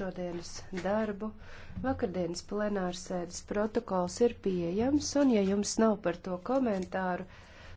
šodienas darbu. Vakardienas plenārsēdes protokols ir pieejams, un ja jums nav par to komentāru,